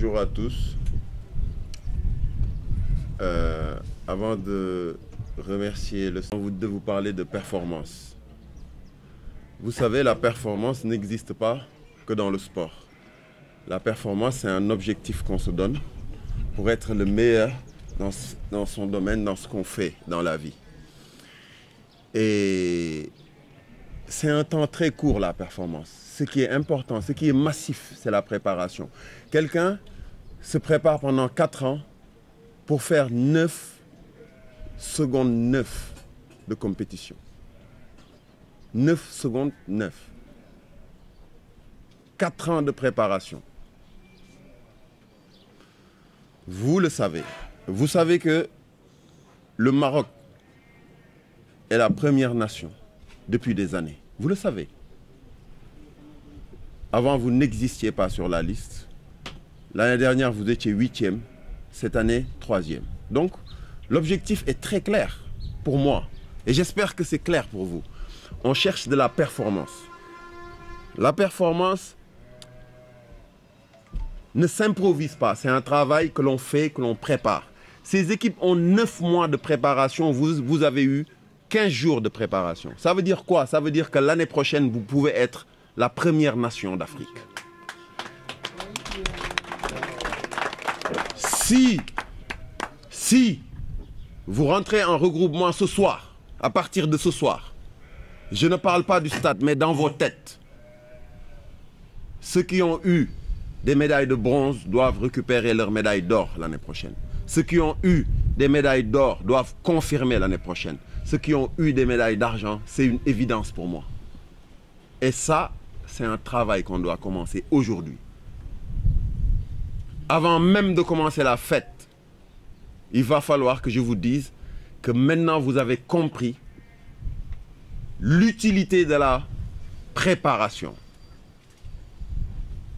bonjour à tous. Euh, avant de remercier le sport, de vous parler de performance. Vous savez, la performance n'existe pas que dans le sport. La performance, c'est un objectif qu'on se donne pour être le meilleur dans, dans son domaine, dans ce qu'on fait dans la vie. Et c'est un temps très court la performance. Ce qui est important, ce qui est massif, c'est la préparation. Quelqu'un se prépare pendant 4 ans pour faire 9 secondes 9 de compétition. 9 secondes 9. 4 ans de préparation. Vous le savez. Vous savez que le Maroc est la première nation depuis des années vous le savez. Avant, vous n'existiez pas sur la liste. L'année dernière, vous étiez huitième. Cette année, troisième. Donc, l'objectif est très clair pour moi. Et j'espère que c'est clair pour vous. On cherche de la performance. La performance ne s'improvise pas. C'est un travail que l'on fait, que l'on prépare. Ces équipes ont neuf mois de préparation. Vous, vous avez eu 15 jours de préparation. Ça veut dire quoi Ça veut dire que l'année prochaine, vous pouvez être la première nation d'Afrique. Si, si vous rentrez en regroupement ce soir, à partir de ce soir, je ne parle pas du stade, mais dans vos têtes, ceux qui ont eu des médailles de bronze doivent récupérer leur médaille d'or l'année prochaine. Ceux qui ont eu des médailles d'or doivent confirmer l'année prochaine ceux qui ont eu des médailles d'argent, c'est une évidence pour moi. Et ça, c'est un travail qu'on doit commencer aujourd'hui. Avant même de commencer la fête, il va falloir que je vous dise que maintenant vous avez compris l'utilité de la préparation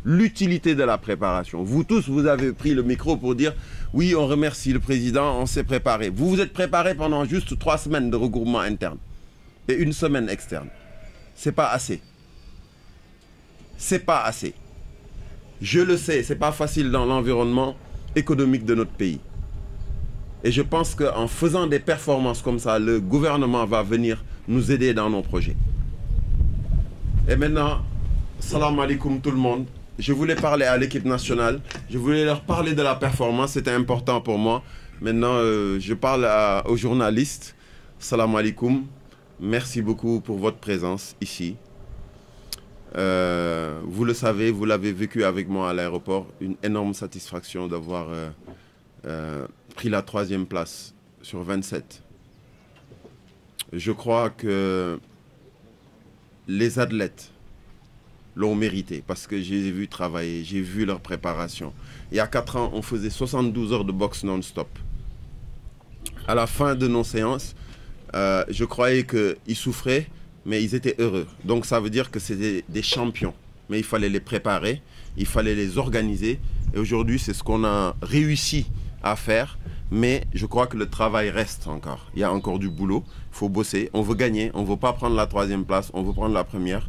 l'utilité de la préparation. Vous tous, vous avez pris le micro pour dire oui, on remercie le président, on s'est préparé. Vous vous êtes préparé pendant juste trois semaines de regroupement interne et une semaine externe. C'est pas assez. C'est pas assez. Je le sais, c'est pas facile dans l'environnement économique de notre pays. Et je pense qu'en faisant des performances comme ça, le gouvernement va venir nous aider dans nos projets. Et maintenant, salam alaikum tout le monde. Je voulais parler à l'équipe nationale. Je voulais leur parler de la performance. C'était important pour moi. Maintenant, euh, je parle aux journalistes. Salam alaikum. Merci beaucoup pour votre présence ici. Euh, vous le savez, vous l'avez vécu avec moi à l'aéroport. Une énorme satisfaction d'avoir euh, pris la troisième place sur 27. Je crois que les athlètes l'ont mérité parce que j'ai vu travailler, j'ai vu leur préparation. Il y a 4 ans, on faisait 72 heures de boxe non-stop. À la fin de nos séances, euh, je croyais qu'ils souffraient, mais ils étaient heureux. Donc ça veut dire que c'était des champions. Mais il fallait les préparer, il fallait les organiser. Et aujourd'hui, c'est ce qu'on a réussi à faire. Mais je crois que le travail reste encore. Il y a encore du boulot. Il faut bosser. On veut gagner. On veut pas prendre la troisième place. On veut prendre la première.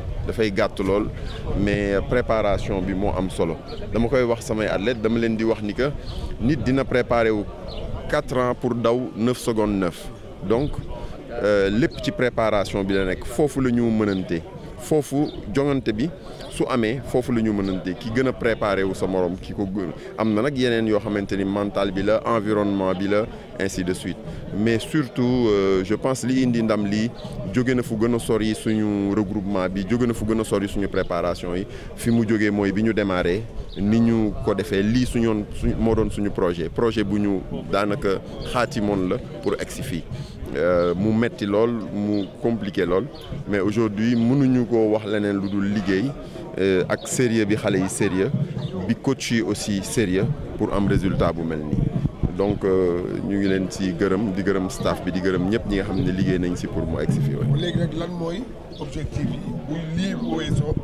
dafay gàtt lool mais préparation bi mo am solo dama koy wax samay athlète dama len di wax ni que nit dina préparer ans pour daw secondes 9 donc euh, les ci préparation bi la que nous lañu Fofu jongante bi su amé fofu la ñu mënante ki gëna préparé wu sa morom ki ko am na nag yo mental bi la environnement bi la ainsi de suite mais surtout euh, je pense li indi ndam li jogé na fu gëna sori suñu regroupement bi jogé na fu gëna sori suñu préparation yi fi mu jogé moy biñu démarré ni ñu ko défé li suñu moo doon suñu projet projet bu ñu daanaka la pour egsi euh, mu metti lool mu compliqué lool mais aujourd'hui mënuñu ko wax leneen lu dul liggéey euh, ak sérieux bi xale yi sérieux bi coach yi aussi sérieux pour am résultat bu mel nii donc euh, ñu ngi leen ci gërëm di gërëm staff bi di gërëm ñëpp ñi nga xam ne liggéey nañ ci pour mu egg si fii waaye. léegi nag lan mooy objectif yi bu lii weesoo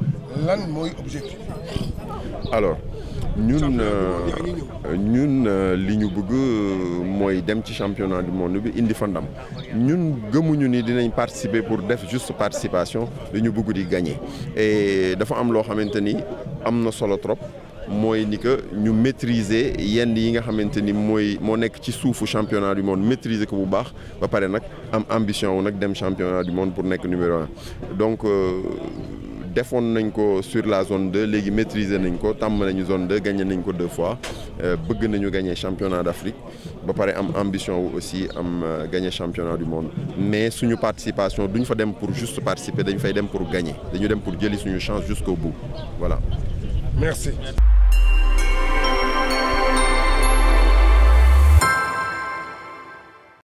lan mooy objectif alors ñun euh, euh, ñun euh, li ñu bëgg mooy dem ci championnat du monde bi indi fa ndam ñun gëmuñu ni dinañ participer pour def juste participation dañu bëgg di gagner et dafa am loo xamante ni am na solo trop mooy ni ñu maîtriser yenn yi nga xamante ni mooy moo nekk ci suufu championnat du monde maîtriser ko bu baax ba pare nag am ambition wu nag dem championnat du monde pour nekk numéro un donc defoon nañ ko sur la zone 2 les maîtriser nañ ko zone 2 gagné nañ deux fois euh, bëgg nañu le championnat d'Afrique ba pare am ambition aussi am euh, championnat du monde mais suñu participation duñ fa dem pour juste participer dañu fay dem pour gagner dañu dem pour jëli suñu chance jusqu'au bout voilà merci